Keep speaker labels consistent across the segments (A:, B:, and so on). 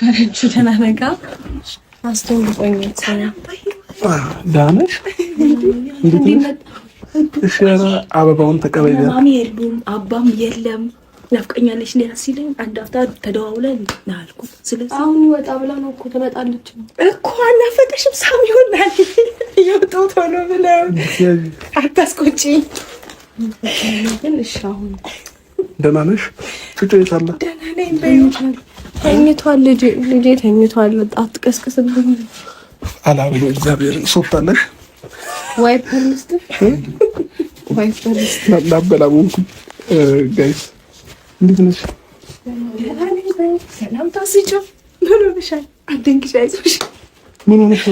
A: ከፈረጁ ደናነጋ አስተውልቆኝ
B: ዳነሽ እሸራ አበባውን ተቀበይ።
C: ማሚ የሉም አባም የለም። ናፍቀኛለች ሊያ ሲለኝ አንድ አፍታ ተደዋውለን ና አልኩት። ስለዚህ
A: አሁን ይወጣ ብላ ነው እኮ ትመጣለች
C: እኮ አናፈቀሽም? ሳም ይሆናል እየወጡ ቶሎ ብለው አታስቆጪ። ግን እሺ አሁን
B: ደህና ነሽ? ጩጩ የት
C: ደህና ነኝ በይ
A: ተኝቷል። ልጄ ልጄ ተኝቷል። አትቀስቅስብኝ።
B: አላብሎ እግዚአብሔር ሶታለሽ
A: ዋይፐር ልስጥ ዋይፐር ልስጥ
B: ላበላሙ ጋይስ እንዴት ነሽ?
C: ሰላምታ ስጪ። ምን ሆነሻል? አትደንግጪ፣ አይዞሽ።
B: ምን ሆነሽ?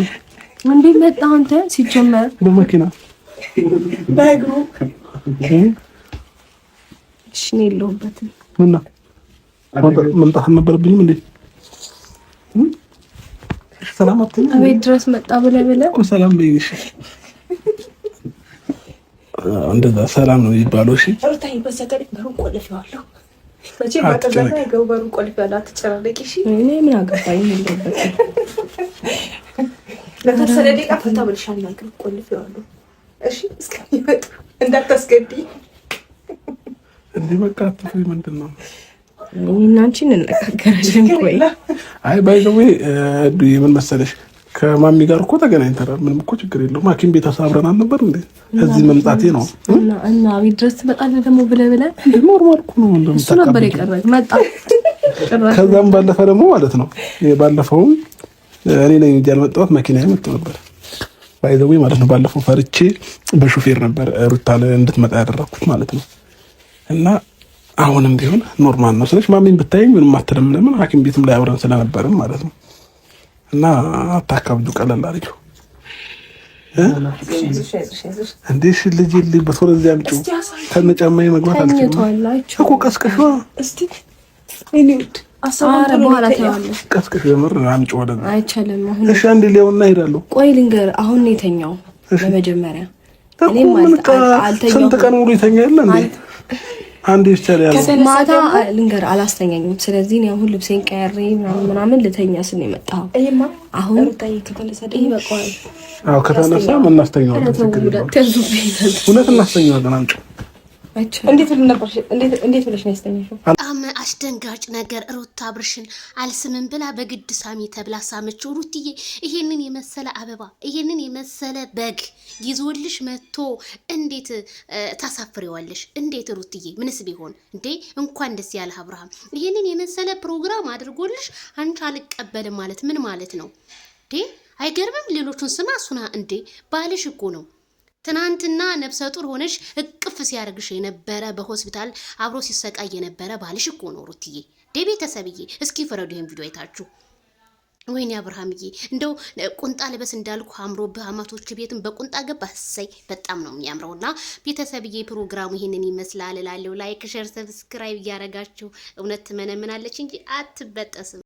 A: እንዴት መጣ አንተ? ሲጀመር
B: በመኪና
C: በእግሩ እሺ፣
A: እኔ የለሁበትም
B: ምና መምጣት አልነበረብኝም እንዴ? ሰላም አትይም?
A: አቤት ድረስ መጣ ብለህ ብለህ
B: ሰላም በይልሽ። እንደዛ ሰላም ነው የሚባለው። እሺ
C: ምን አገባኝ እንዳታስገድኝ።
B: እንዲህ በቃ ምንድን ነው
A: እኔና አንቺ እንነጋገራለን። ቆይ
B: አይ ባይዘዌ የምን መሰለሽ ከማሚ ጋር እኮ ተገናኝተናል። ምንም እኮ ችግር የለውም። ሐኪም ቤት አሳብረን አልነበር እንዴ? እዚህ መምጣቴ ነው
A: እና ቤት ድረስ ትመጣለህ ደግሞ ብለህ ብለህ
B: ኖርማል እኮ ነው
A: ነበር የቀረ መጣ።
B: ከዛም ባለፈ ደግሞ ማለት ነው ባለፈውም እኔ ነኝ እንጂ ያልመጣሁት መኪና መጥቶ ነበር ባይዘዌ ማለት ነው። ባለፈው ፈርቼ በሹፌር ነበር ሩታ እንድትመጣ ያደረኩት ማለት ነው እና አሁንም ቢሆን ኖርማል ነው ስለች ማሚን ብታይ ምንም ማተደም ለምን ሐኪም ቤትም ላይ አብረን ስለነበርም ማለት ነው። እና አታካብዱ፣ ቀለል አድርጊው እንዴ እሺ። ልጅ ልጅ በቶሎ እዚያ አምጪው። ከነጫማዬ መግባት አልችልም እኮ እስቲ
A: ቀስቅሽ፣
B: ቀስቅሽ የምር አምጪ ወደ
A: አሁን
B: እሺ። አንዴ ሊያውና ሄዳለሁ።
A: ቆይ ልንገር፣ አሁን ነው የተኛው በመጀመሪያ
B: ስንት ቀን ሙሉ ይተኛል አንድ ስተር ያለው
A: ማታ ልንገር አላስተኛኝም። ስለዚህ ነው ሁሉ ልብሴን ቀያሬ ምናምን ምናምን ልተኛ ስን የመጣው
C: አሁን
B: ከተነሳ እናስተኛዋለን። እውነት እናስተኛዋለን። አምጪው
A: እንዴት ብለሽ ነው ያስተኛሽው?
C: አስደንጋጭ ነገር ሩታ አብርሽን አልስምም ብላ በግድ ሳሚ ተብላ ሳመችው። ሩትዬ ይሄንን የመሰለ አበባ ይሄንን የመሰለ በግ ይዞልሽ መጥቶ እንዴት ታሳፍሬዋለሽ? እንዴት ሩትዬ፣ ምንስ ቢሆን እንዴ! እንኳን ደስ ያለህ አብርሃም፣ ይሄንን የመሰለ ፕሮግራም አድርጎልሽ አንቺ አልቀበልም ማለት ምን ማለት ነው እንዴ? አይገርምም? ሌሎቹን ስማ እሱና እንዴ ባልሽ እኮ ነው ትናንትና ነፍሰ ጡር ሆነሽ እቅፍ ሲያደርግሽ የነበረ በሆስፒታል አብሮ ሲሰቃይ የነበረ ባልሽ እኮ ነው ሩትዬ። ቤተሰብዬ እስኪ ፍረዱ ይህን ቪዲዮ አይታችሁ። ወይኔ አብርሃምዬ እንደው ቁንጣ ልበስ እንዳልኩ አምሮ በአማቶች ቤትም በቁንጣ ገባ ሰይ በጣም ነው የሚያምረው። የሚያምረውና ቤተሰብዬ ፕሮግራሙ ይህንን ይመስላል እላለሁ። ላይክ፣ ሸር፣ ሰብስክራይብ እያረጋችሁ እውነት ትመነምናለች እንጂ አትበጠስም።